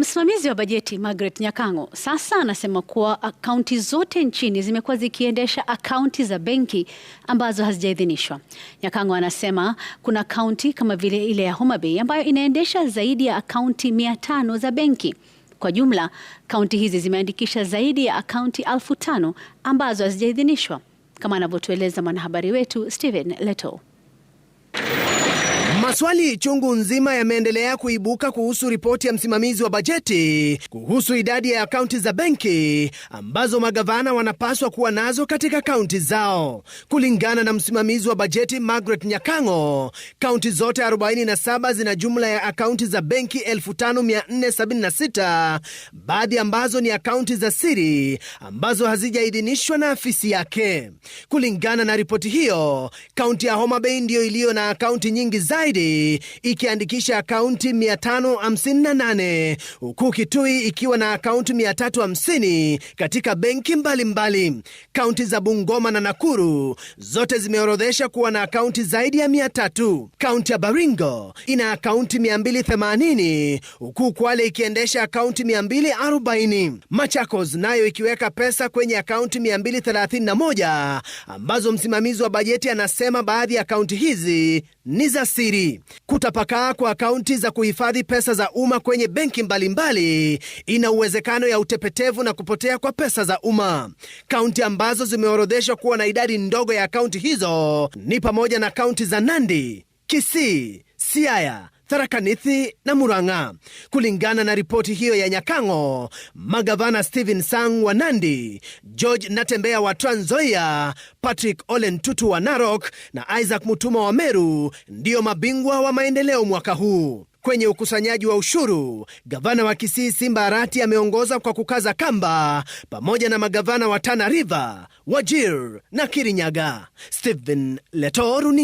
Msimamizi wa bajeti Margaret Nyakango sasa anasema kuwa akaunti zote nchini zimekuwa zikiendesha akaunti za benki ambazo hazijaidhinishwa. Nyakango anasema kuna kaunti kama vile ile ya Homa Bay ambayo inaendesha zaidi ya akaunti mia tano za benki. Kwa jumla, kaunti hizi zimeandikisha zaidi ya akaunti elfu tano ambazo hazijaidhinishwa, kama anavyotueleza mwanahabari wetu Steven Leto. Maswali chungu nzima yameendelea kuibuka kuhusu ripoti ya msimamizi wa bajeti kuhusu idadi ya akaunti za benki ambazo magavana wanapaswa kuwa nazo katika kaunti zao. Kulingana na msimamizi wa bajeti Margaret Nyakang'o, kaunti zote 47 zina jumla ya akaunti za benki 5476, baadhi ambazo ni akaunti za siri ambazo hazijaidhinishwa na afisi yake. Kulingana na ripoti hiyo, kaunti ya Homa Bay ndiyo iliyo na akaunti nyingi zaidi Friday ikiandikisha akaunti 558 huku Kitui ikiwa na akaunti 350 katika benki mbalimbali. Kaunti za Bungoma na Nakuru zote zimeorodhesha kuwa na akaunti zaidi ya 300. Kaunti ya Baringo ina akaunti 280 huku Kwale ikiendesha akaunti 240. Machakos nayo ikiweka pesa kwenye akaunti 231 ambazo msimamizi wa bajeti anasema baadhi ya akaunti hizi ni za siri benki. Kutapakaa kwa akaunti za kuhifadhi pesa za umma kwenye benki mbalimbali ina uwezekano ya utepetevu na kupotea kwa pesa za umma. Kaunti ambazo zimeorodheshwa kuwa na idadi ndogo ya akaunti hizo ni pamoja na kaunti za Nandi, Kisii, Siaya Tharaka na Murang'a. Kulingana na ripoti hiyo ya Nyakang'o, magavana Stephen Sang wa Nandi, George Natembea wa Trans Nzoia, Patrick Ole Ntutu wa Narok na Isaac Mutuma wa Meru ndiyo mabingwa wa maendeleo mwaka huu. Kwenye ukusanyaji wa ushuru, gavana wa Kisii Simba Arati ameongoza kwa kukaza kamba pamoja na magavana wa Tana River, Wajir na Kirinyaga. Stephen Leto, runinga